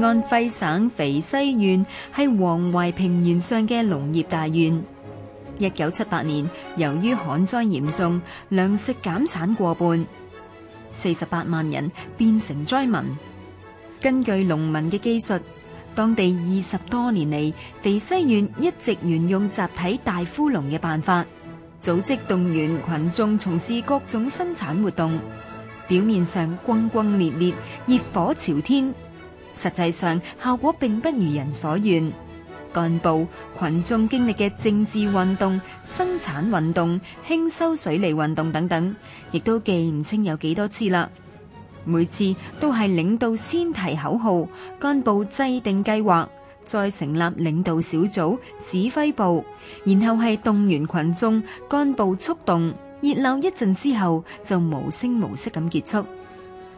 安徽省肥西縣係黃淮平原上嘅農業大縣。一九七八年，由於旱災嚴重，糧食減產過半，四十八萬人變成災民。根據農民嘅技術，當地二十多年嚟，肥西縣一直沿用集體大呼隆嘅辦法，組織動員群眾從事各種生產活動，表面上轟轟烈烈，熱火朝天。實際上效果並不如人所願，幹部、群眾經歷嘅政治運動、生產運動、興修水利運動等等，亦都記唔清有幾多次啦。每次都係領導先提口號，幹部制定計劃，再成立領導小組、指揮部，然後係動員群眾，幹部速動，熱鬧一陣之後就無聲無息咁結束。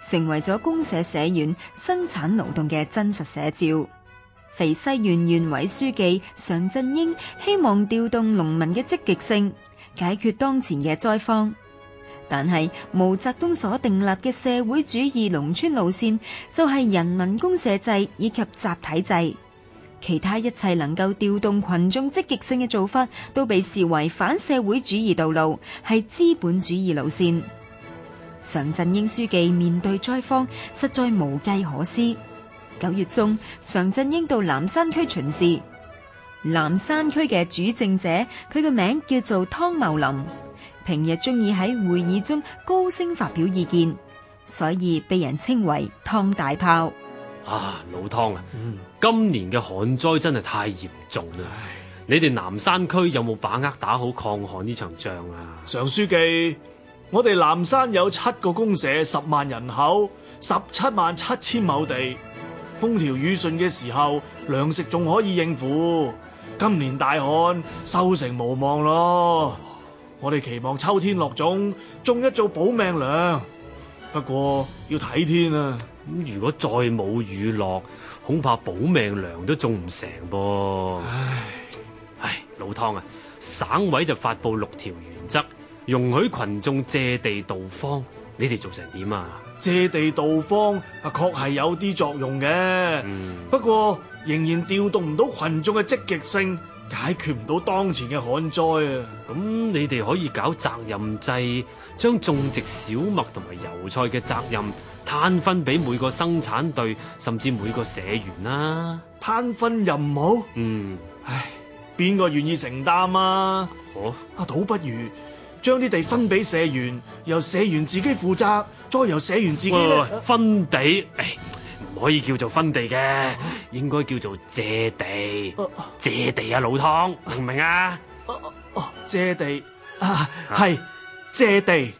成為咗公社社員生產勞動嘅真實寫照。肥西縣縣委書記常振英希望調動農民嘅積極性，解決當前嘅災荒。但係毛澤東所訂立嘅社會主義農村路線就係人民公社制以及集體制，其他一切能夠調動群眾積極性嘅做法都被視為反社會主義道路，係資本主義路線。常振英書記面對災荒實在無計可施。九月中，常振英到南山區巡視。南山區嘅主政者，佢嘅名叫做湯茂林，平日中意喺會議中高聲發表意見，所以被人稱為湯大炮。啊，老湯啊！嗯、今年嘅旱災真係太嚴重啦！唉你哋南山區有冇把握打好抗旱呢場仗啊？常書記。我哋南山有七個公社，十萬人口，十七萬七千畝地。風調雨順嘅時候，糧食仲可以應付。今年大旱，收成無望咯。我哋期望秋天落種，種一造保命糧。不過要睇天啊。咁如果再冇雨落，恐怕保命糧都種唔成噃。唉唉，老湯啊，省委就發佈六條原則。容許群眾借地度荒，你哋做成點啊？借地度荒啊，確係有啲作用嘅。嗯、不過仍然調動唔到群眾嘅積極性，解決唔到當前嘅旱災啊！咁你哋可以搞責任制，將種植小麥同埋油菜嘅責任攤分俾每個生產隊，甚至每個社員啦、啊。攤分任務？嗯，唉，邊個願意承擔啊？好，啊，倒不如。將啲地分俾社員，由社員自己負責，再由社員自己喂，喂，分地。唔可以叫做分地嘅，應該叫做借地，借地啊，老湯，明唔明啊？借地啊，係借地。